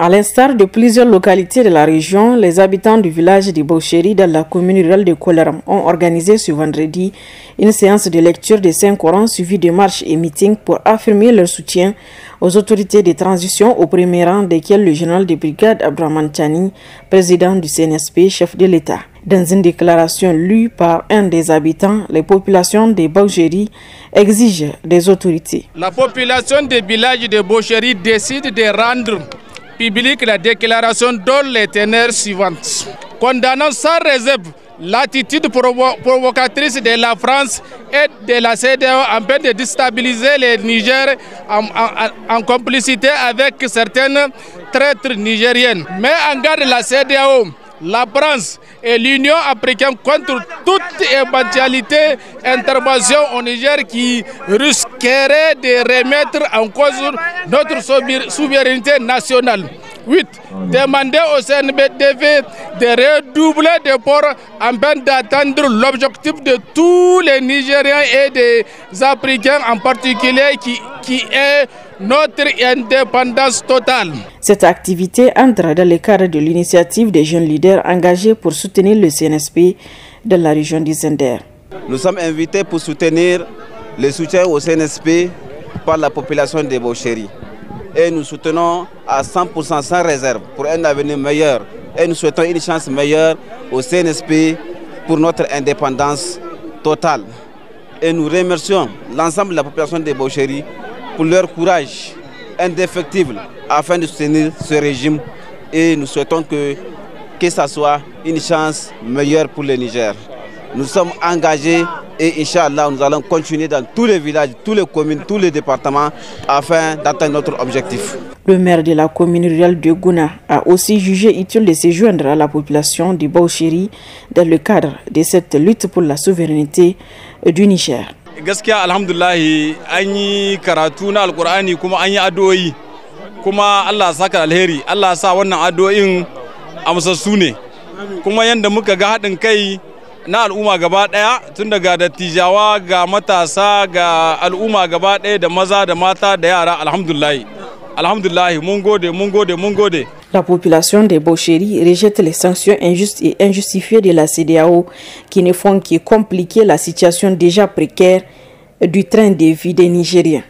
À l'instar de plusieurs localités de la région, les habitants du village de Boucherie dans la commune rurale de Kolaram ont organisé ce vendredi une séance de lecture des Saint-Coran suivie de marches et meetings pour affirmer leur soutien aux autorités de transition, au premier rang desquelles le général de brigade Abraham Chani, président du CNSP, chef de l'État. Dans une déclaration lue par un des habitants, les populations de Boucherie exigent des autorités. La population des villages de Boucherie décide de rendre publique la déclaration donne les teneurs suivantes. Condamnant sans réserve l'attitude provocatrice de la France et de la CDAO en peine de déstabiliser le Niger en, complicité avec certaines traîtres nigériennes. Mais en garde la CDAO la France et l'Union africaine contre toute éventualité intervention au Niger qui risquerait de remettre en cause notre souveraineté nationale. 8. Demander au CNBDV de redoubler d'efforts afin d'atteindre l'objectif de tous les Nigériens et des Africains en particulier qui qui est notre indépendance totale. Cette activité entre dans le cadre de l'initiative des jeunes leaders engagés pour soutenir le CNSP dans la région du Zender. Nous sommes invités pour soutenir le soutien au CNSP par la population de Boucherie. Et nous soutenons à 100% sans réserve pour un avenir meilleur. Et nous souhaitons une chance meilleure au CNSP pour notre indépendance totale. Et nous remercions l'ensemble de la population de Boucherie pour leur courage indéfectible afin de soutenir ce régime et nous souhaitons que, que ça soit une chance meilleure pour le Niger. Nous sommes engagés et Inch'Allah, nous allons continuer dans tous les villages, tous les communes, tous les départements afin d'atteindre notre objectif. Le maire de la commune rurale de Gouna a aussi jugé utile de se joindre à la population du Bauchiri dans le cadre de cette lutte pour la souveraineté du Niger. gaskiya alhamdulahi an yi karatu na alkur'ani kuma an yi addu'o'i kuma allah saka alheri allah sa wannan addu'o'in amsassu ne kuma yadda muka ga haɗin kai na al'umma gaba ɗaya tun daga dattijawa ga matasa ga al'umma gaba ɗaya da maza da mata da yara alhamdulahi alhamdulahi mun gode mun gode mun gode La population de rejette les sanctions injustes et injustifiées de la CDAO qui ne font que compliquer la situation déjà précaire du train de vie des Nigériens.